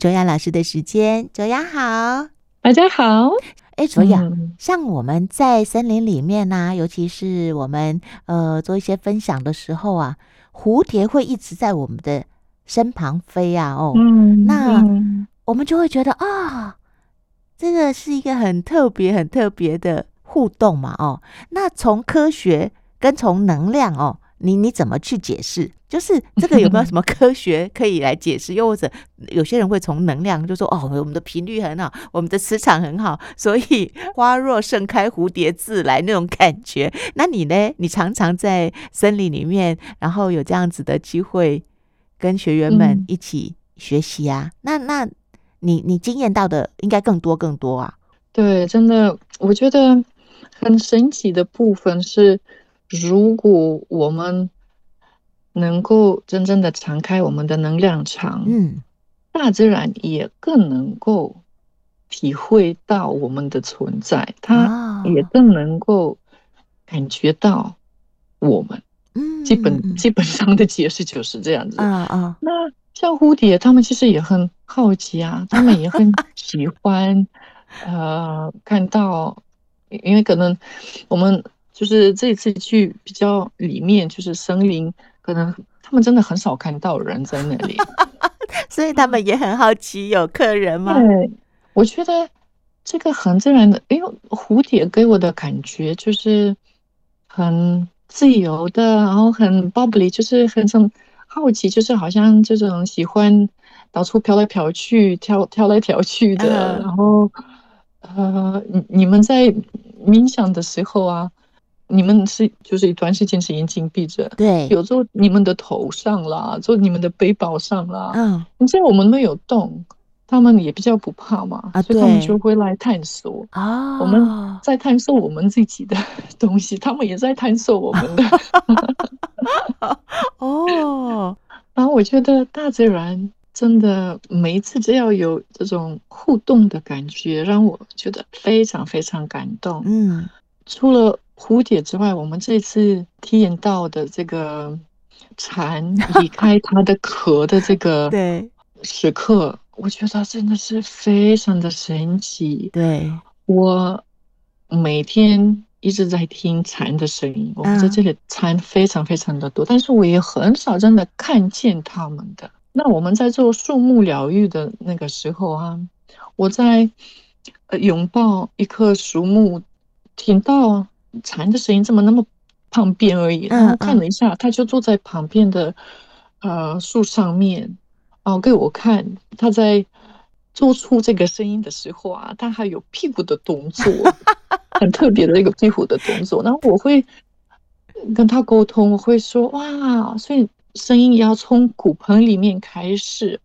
卓雅老師的時間，卓雅好，大家好。哎、欸，卓雅，嗯，像我們在森林裡面呢，啊，尤其是我們呃做一些分享的時候啊，蝴蝶會一直在我們的身旁飛啊哦，哦，嗯嗯，那我們就會覺得啊，這、哦、個是一個很特別、很特別的互動嘛，哦，那從科學跟從能量哦。你你怎麼去解釋？就是這個有沒有什麼科學可以來解釋？ 又或者有些人會從能量就說哦，我們的頻率很好，我們的磁場很好，所以花若盛開，蝴蝶自來那種感覺。那你呢？你常常在森林裡面，然後有這樣子的機會跟學員們一起學習啊。嗯、那那你你經驗到的應該更多更多啊。對，真的，我覺得很神奇的部分是。如果我們能夠真正的敞開我們的能量場，嗯，大自然也更能夠體會到我們的存在，它也更能夠感覺到我們。嗯，基本、嗯、基本上的解釋就是這樣子啊啊，嗯嗯。那像蝴蝶，他們其實也很好奇啊，他們也很喜歡， 呃，看到，因為可能我們。就是這一次去比較裡面，就是森林，可能他們真的很少看到人在那裡， 所以他們也很好奇有客人嘛。對，我覺得這個很自然的，因、欸、為蝴蝶給我的感覺就是很自由的，然後很 bubbly 就是很很好奇，就是好像這種喜歡到處飄來飄去、跳跳來跳去的、嗯。然後，呃，你們在冥想的時候啊。你們是就是一段時間是眼睛閉着，對，有時候你們的頭上啦，坐你們的背包上啦，嗯，你知道我們沒有動，他們也比較不怕嘛，啊，所以他們就會來探索，啊，我們在探索我們自己的東西，啊、他們也在探索我們的， 哦， 然後我覺得大自然真的每一次只要有這種互動的感覺，讓我覺得非常非常感動，嗯，除了。蝴蝶之外，我們這次體驗到的這個蟬離開它的殼的這個時刻 對，我覺得真的是非常的神奇。對，我每天一直在聽蟬的聲音，我們在這裡蟬非常非常的多，uh. 但是我也很少真的看見它們的。那我們在做樹木療癒的那個時候啊，我在呃擁抱一棵樹木，聽到。蟬的聲音怎麼那麼旁邊而已嗯嗯？然後看了一下，他就坐在旁邊的呃樹上面，哦，給我看他在做出這個聲音的時候啊，他還有屁股的動作， 很特別的一個屁股的動作。 然後我會跟他溝通，我會說哇，所以聲音要從骨盆裡面開始。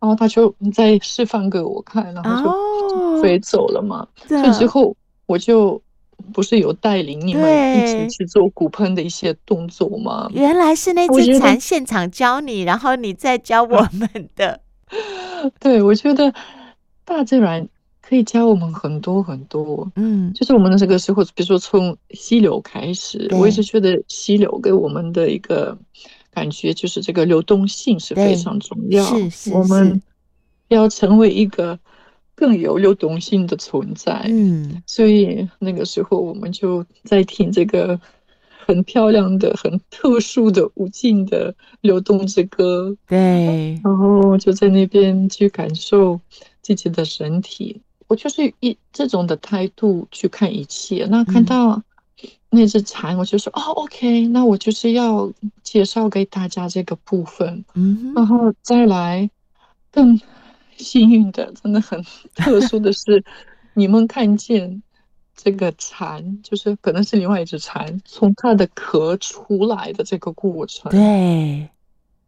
然後他就在示範給我看，哦，然後就飛走了嘛。所以之後我就。不是有帶領你們一起去做骨盆的一些動作嗎？原來是那隻蟬現場教你，然後你再教我們的。 對，我覺得大自然可以教我們很多很多。嗯，就是我們的這個時候，比如說從溪流開始，我一直覺得溪流給我們的一個感覺，就是這個流動性是非常重要。是是是，我們要成為一個。更有流動性的存在，嗯，所以那個時候我們就在聽這個很漂亮的、很特殊的、無盡的流動之歌，對，然後就在那邊去感受自己的身體。我就是以這種的態度去看一切。那看到那隻蟬，我就說：“哦，嗯，Oh，OK，那我就是要介紹給大家這個部分。”嗯，然後再來更。幸運的，真的很特殊的是， 你們看見這個蟬，就是可能是另外一隻蟬，從它的殼出來的這個過程。對，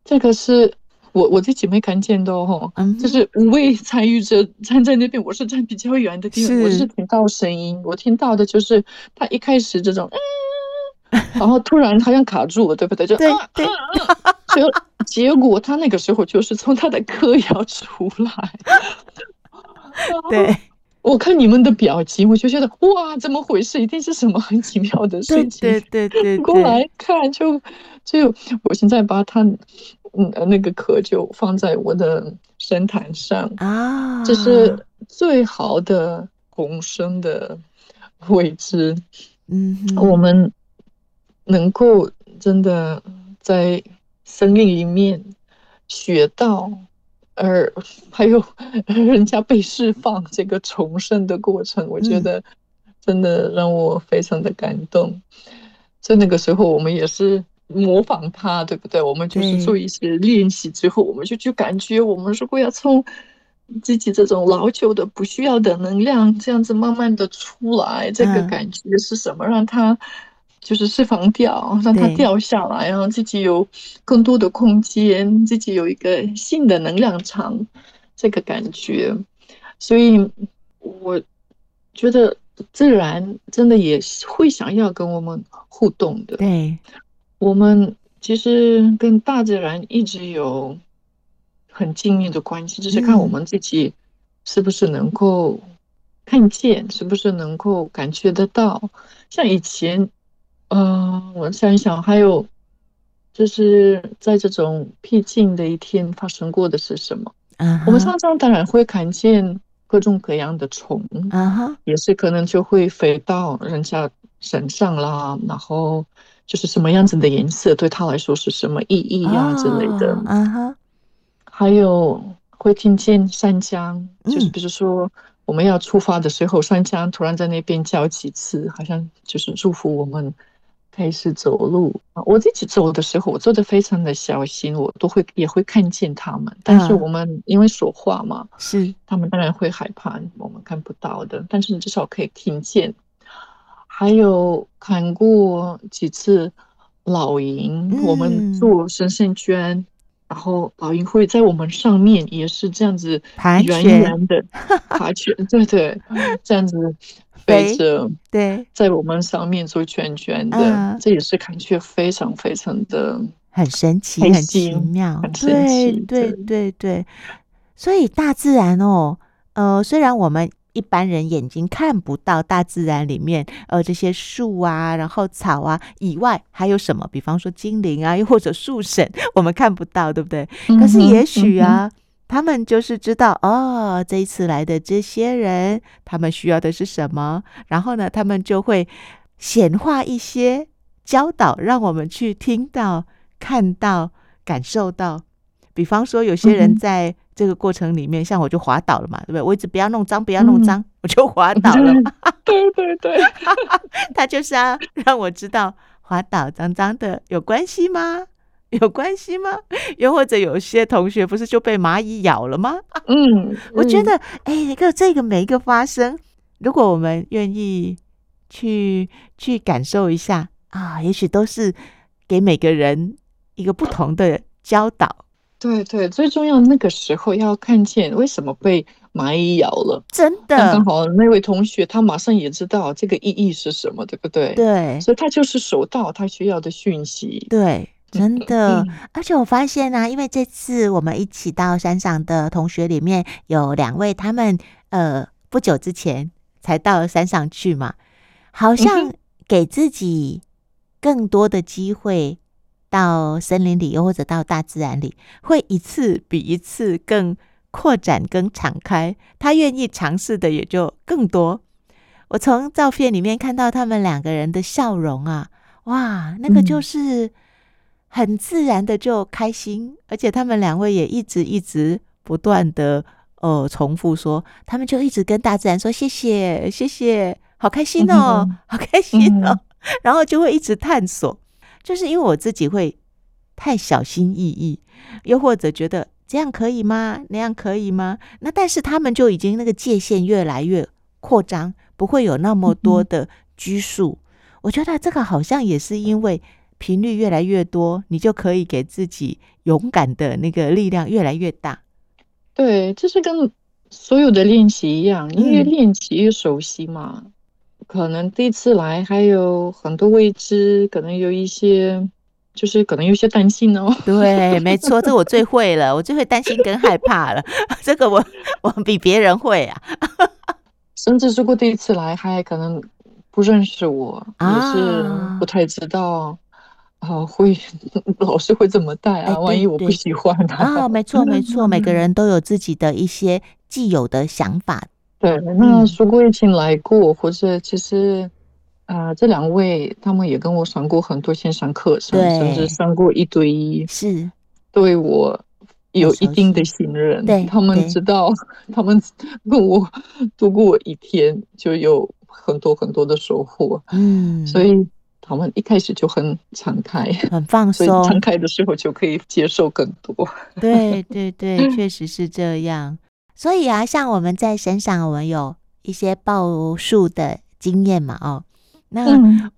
這個是我我自己沒看見的哈，吼 um, 就是五位參與者站在那邊，我是站比較遠的地方，我是聽到聲音，我聽到的就是它一開始這種、啊，然後突然好像卡住了，對不對？就、啊對對 結結果，他那個時候就是從他的課要出來。對，我看你們的表情，我就覺得哇，怎麼回事？一定是什麼很奇妙的事情。 對對對,對，過來看就就，我現在把他嗯那個殼就放在我的神壇上啊，這是最好的共生的位置。嗯，我們能夠真的在。生命裡面，學到，而還有人家被釋放這個重生的過程、嗯，我覺得真的讓我非常的感動。在那個時候，我們也是模仿他，對不對？我們就是做一些練習之後、嗯，我們就去感覺，我們如果要從自己這種老舊的不需要的能量這樣子慢慢的出來，這個感覺是什麼？嗯、讓他。就是釋放掉，讓它掉下來，然後自己有更多的空間，自己有一個新的能量場，這個感覺。所以我覺得自然真的也會想要跟我們互動的。對，我們其實跟大自然一直有很緊密的關係，嗯，就是看我們自己是不是能夠看見，嗯，是不是能夠感覺得到，像以前。嗯、呃，我想一想，還有就是在這種僻靜的一天發生過的是什麼？啊、uh -huh. 我們常常當然會看見各種各樣的蟲，啊哈，也是可能就會飛到人家身上啦。然後就是什麼樣子的顏色，對他來說是什麼意義呀、啊、之類的，啊哈。還有會聽見山羌，就是比如說我們要出發的時候，山羌突然在那邊叫幾次，好像就是祝福我們。開始走路，我自己走的時候，我走的非常的小心，我都會也會看見他們。但是我們因為說話嘛，嗯、是他們當然會害怕，我們看不到的。但是你至少可以聽見。還有看過幾次老鷹、嗯，我們做神聖圈。然後老鷹會在我們上面也是這樣子盤旋的爬，哈，盤圈，對對，這樣子飛着 對，對，在我們上面做圈圈的，呃、這也是感覺非常非常的很神奇，很奇妙，很神奇，對對對。所以大自然哦，呃，雖然我們。一般人眼睛看不到大自然裡面，呃，這些樹啊，然後草啊以外，還有什麼？比方說精靈啊，又或者樹神，我們看不到，對不對？嗯、可是也許啊、嗯，他們就是知道，哦，這一次來的這些人，他們需要的是什麼？然後呢，他們就會顯化一些教導，讓我們去聽到、看到、感受到。比方說，有些人在這個過程裡面、嗯，像我就滑倒了嘛，對不對？我一直不要弄髒，不要弄髒、嗯，我就滑倒了。 對對對，對， 他就是啊，讓我知道滑倒髒髒的有關係嗎？有關係嗎？又或者有些同學不是就被螞蟻咬了嗎？嗯， 我覺得，哎、欸，一個這個每一個發生，如果我們願意去去感受一下啊，也許都是給每個人一個不同的教導。對對，最重要那個時候要看見為什麼被螞蟻咬了，真的。剛好那位同學他馬上也知道這個意義是什麼，對不對？對，所以他就是收到他需要的訊息。對，真的。嗯、而且我發現呢、啊，因為這次我們一起到山上的同學裡面有兩位，他們呃不久之前才到了山上去嘛，好像給自己更多的機會。嗯嗯到森林裡，或者到大自然裡，會一次比一次更擴展跟更敞開。他願意嘗試的也就更多。我從照片裡面看到他們兩個人的笑容啊，哇，那個就是很自然的就開心。嗯、而且他們兩位也一直一直不斷的呃重複說，他們就一直跟大自然說謝謝謝謝，好開心哦，嗯、好開心哦、嗯，然後就會一直探索。就是因為我自己會太小心翼翼，又或者覺得這樣可以嗎？那樣可以嗎？那但是他們就已經那個界限越來越擴張，不會有那麼多的拘束。嗯。我覺得這個好像也是因為頻率越來越多，你就可以給自己勇敢的那個力量越來越大。對，就是跟所有的練習一樣，因為練習熟悉嘛。嗯可能第一次來還有很多未知，可能有一些，就是可能有些擔心哦、喔。對，沒錯， 這我最會了，我最會擔心跟害怕了。 這個我我比別人會啊， 甚至如果第一次來，還可能不認識我，啊、也是不太知道啊、呃，會老師會怎麼帶啊？哎、對對對，萬一我不喜歡他，哦、沒錯沒錯，每個人都有自己的一些既有的想法。嗯嗯嗯對，那說過疫情來過、嗯，或者其實，啊、呃，這兩位他們也跟我上過很多線上課，甚至上過一對一，是對我有一定的信任。對，他們知道，他們跟我度過一天，就有很多很多的收穫。嗯，所以他們一開始就很敞開，很放鬆，敞開的時候就可以接受更多對。對對對，確 實是這樣。所以啊，像我們在山上，我們有一些抱樹的經驗嘛，哦，那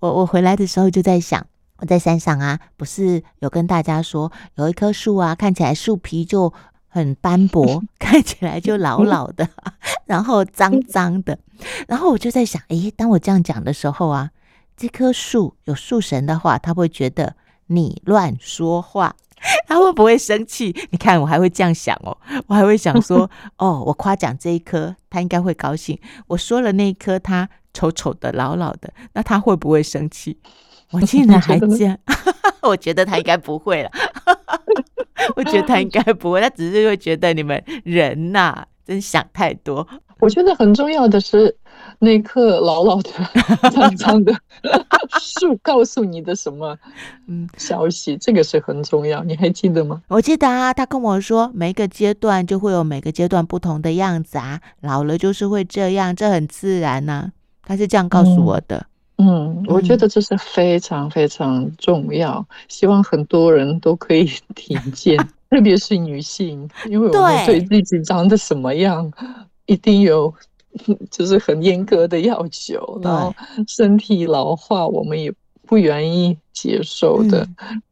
我我回來的時候就在想，我在山上啊，不是有跟大家說有一棵樹啊，看起來樹皮就很斑駁， 看起來就老老的， 然後髒脏的，然後我就在想，誒，當我這樣講的時候啊，這棵樹有樹神的話，他會覺得你亂說話。他會不會生氣？你看，我還會這樣想哦，我還會想說， 哦，我誇獎這一棵，他應該會高興；我說了那一棵，他醜醜的、老老的，那他會不會生氣？我竟然還這樣， 我覺得他應該不會了。 我覺得他應該不會，他只是會覺得你們人吶、啊，真想太多。我覺得很重要的是。那一刻，老老的、長長的樹 告訴你的什麼消息、 嗯？這個是很重要，你還記得嗎？我記得啊，他跟我說，每個階段就會有每個階段不同的樣子啊，老了就是會這樣，這很自然呢、啊。他是這樣告訴我的嗯嗯。嗯，我覺得這是非常非常重要，嗯、希望很多人都可以聽見， 特別是女性，因為我們對自己長得什麼樣一定有。 就是很嚴格的要求，然後身體老化，我們也不願意接受的，嗯。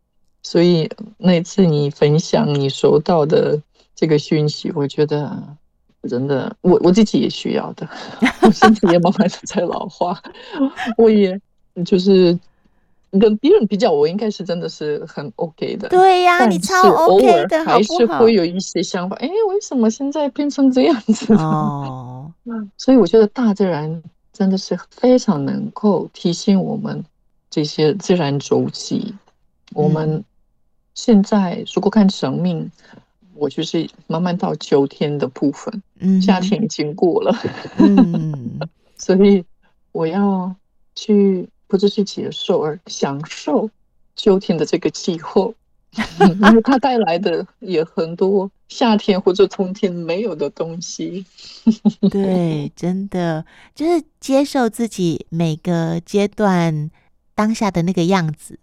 所以那次你分享你收到的這個訊息，我覺得真的，我我自己也需要的，我身體也慢慢的在老化， 我也就是。跟別人比較，我應該是真的是很 OK 的。對呀，啊，你超 OK 的，好不好？但是偶爾還是會有一些想法，哎，啊 okay 欸，為什麼現在變成這樣子？哦，那所以我覺得大自然真的是非常能夠提醒我們這些自然週期。Mm. 我們現在如果看生命，我就是慢慢到秋天的部分，mm. 夏天已經過了， 所以我要去。不只是去接受而享受秋天的這個氣候、。 嗯，因為它帶來的也很多夏天或者冬天沒有的東西。 對，真的就是接受自己每個階段當下的那個樣子，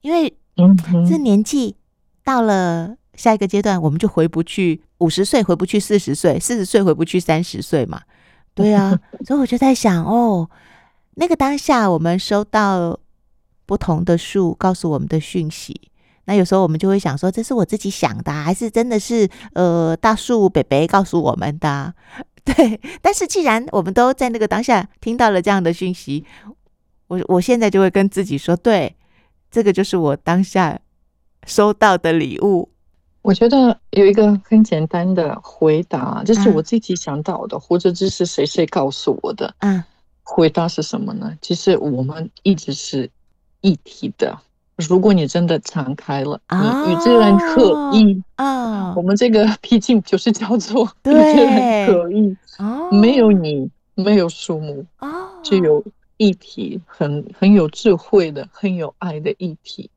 因為這年紀到了下一個階段， 我們就回不去五十歲，回不去四十歲，四十歲回不去三十歲嘛。對啊，所以我就在想 哦。那個當下，我們收到不同的樹告訴我們的訊息，那有時候我們就會想說，這是我自己想的，啊，還是真的是呃，大樹伯伯告訴我們的，啊？對。但是既然我們都在那個當下聽到了這樣的訊息，我我現在就會跟自己說，對，這個就是我當下收到的禮物。我覺得有一個很簡單的回答，就是我自己想到的，嗯，或者這是誰誰告訴我的。嗯。回答是什麼呢？其實我們一直是一體的。如果你真的敞開了，哦、你與自然合一啊、哦。我們這個畢竟就是叫做對，自然合一，沒有你，哦、沒有樹木，只有一體，很很有智慧的，很有愛的一體。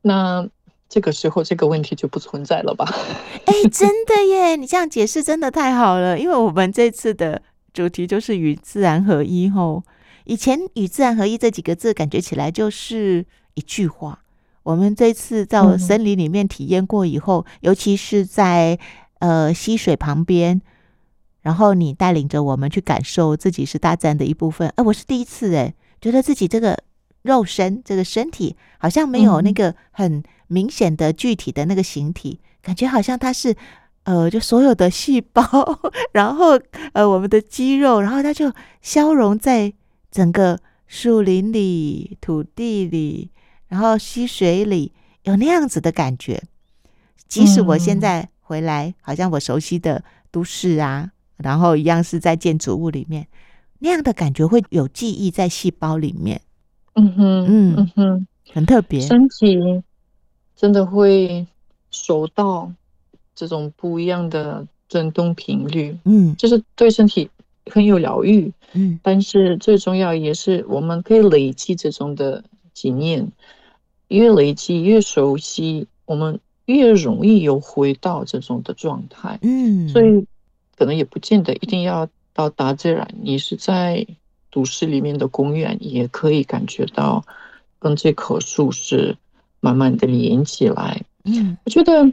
那這個時候這個問題就不存在了吧？ 哎、欸，真的耶！ 你這樣解釋真的太好了，因為我們這次的。主題就是與自然合一吼。以前“與自然合一”，這幾個字，感覺起來就是一句話。我們這次在我森林裡面體驗過以後，尤其是在呃溪水旁邊，然後你帶領着我們去感受自己是大自然的一部分。哎，我是第一次誒、欸，覺得自己這個肉身、這個身體，好像沒有那個很明顯的、具體的那個形體，感覺好像它是。呃，就所有的細胞，然後呃，我們的肌肉，然後它就消融在整個樹林裡、土地裡，然後溪水裡，有那樣子的感覺。即使我現在回來，嗯、好像我熟悉的都市啊，然後一樣是在建築物裡面，那樣的感覺會有記憶在細胞裡面。嗯哼，嗯，嗯哼，很特別，身體真的會熟到。這種不一樣的震動頻率，嗯，就是對身體很有療癒，嗯。但是最重要也是我們可以累積這種的經驗，越累積越熟悉，我們越容易又回到這種的狀態，嗯。所以可能也不見得一定要到大自然，你是在都市裡面的公園，也可以感覺到跟這棵樹是慢慢的連起來，嗯。我覺得。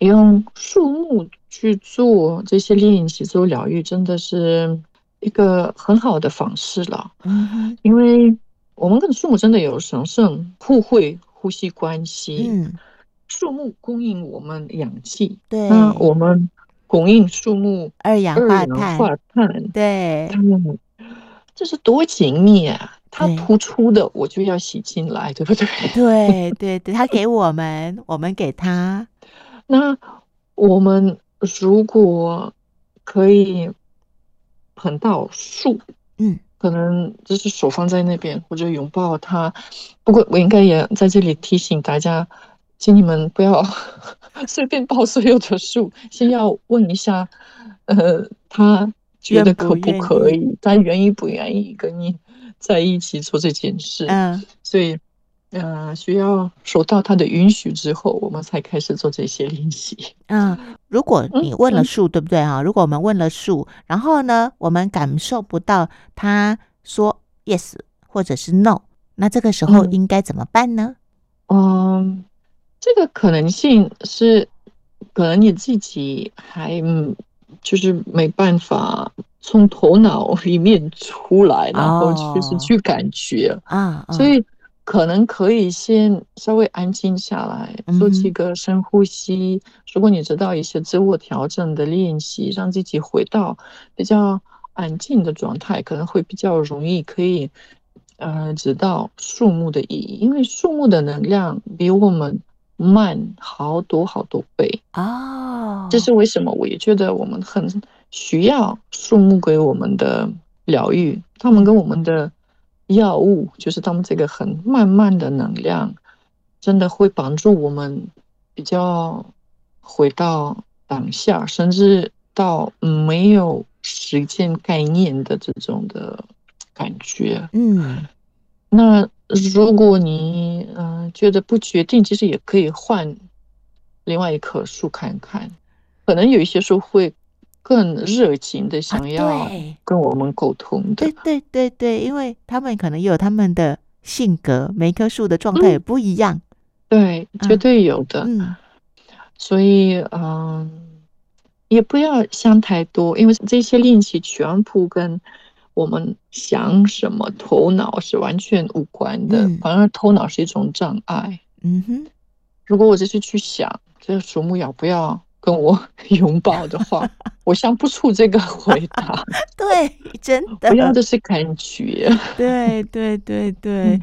用樹木去做這些練習做療愈，真的是一個很好的方式了。嗯，因為我們跟樹木真的有神聖互惠呼吸關係。嗯，樹木供應我們氧氣，對，我們供應樹木二氧化碳。對，二氧化碳，對，嗯，這是多緊密啊！它突出的，我就要吸進來，對不對？對對對，它 給我們，我們給它。那我們如果可以捧到樹，嗯，可能就是手放在那邊或者擁抱他。不過我應該也在這裡提醒大家，請你們不要 隨便抱所有的樹，先要問一下，呃，他覺得可不可以，他願，願，願意不願意跟你在一起做這件事。嗯，所以。呃，需要受到他的允許之後，我們才開始做這些練習。嗯，如果你問了樹、嗯，對不對啊？如果我們問了樹，然後呢，我們感受不到他說 yes 或者是 no，那這個時候應該怎麼辦呢？嗯，嗯，這個可能性是，可能你自己還就是沒辦法從頭腦裡面出來，嗯、然後就是去感覺啊、嗯嗯，所以。可能可以先稍微安靜下來，做幾個深呼吸。如果你知道一些自我調整的練習，讓自己回到比較安靜的狀態，可能會比較容易。可以，呃知道樹木的意義，因為樹木的能量比我們慢好多好多倍啊。這是為什麼？我也覺得我們很需要樹木給我們的療癒，他們跟我們的。藥物就是，他們這個很慢慢的能量，真的會幫助我們比較回到當下，甚至到沒有時間概念的這種的感覺。嗯，那如果你嗯、呃、覺得不確定，其實也可以換另外一棵樹看看，可能有一些樹會。更熱情的想要跟我們溝通的，啊、對對對對，對，因為他們可能有他們的性格，每一棵樹的狀態也不一樣，嗯、對、啊，絕對有的。嗯、所以嗯，也不要想太多，因為這些練習全部跟我們想什麼、頭腦是完全無關的，嗯、反而頭腦是一種障礙。嗯哼，如果我這是去想這樹木要不要。跟我擁抱的話， 我想不出這個回答。 對，真的，我要的是感覺 對。對對對對。對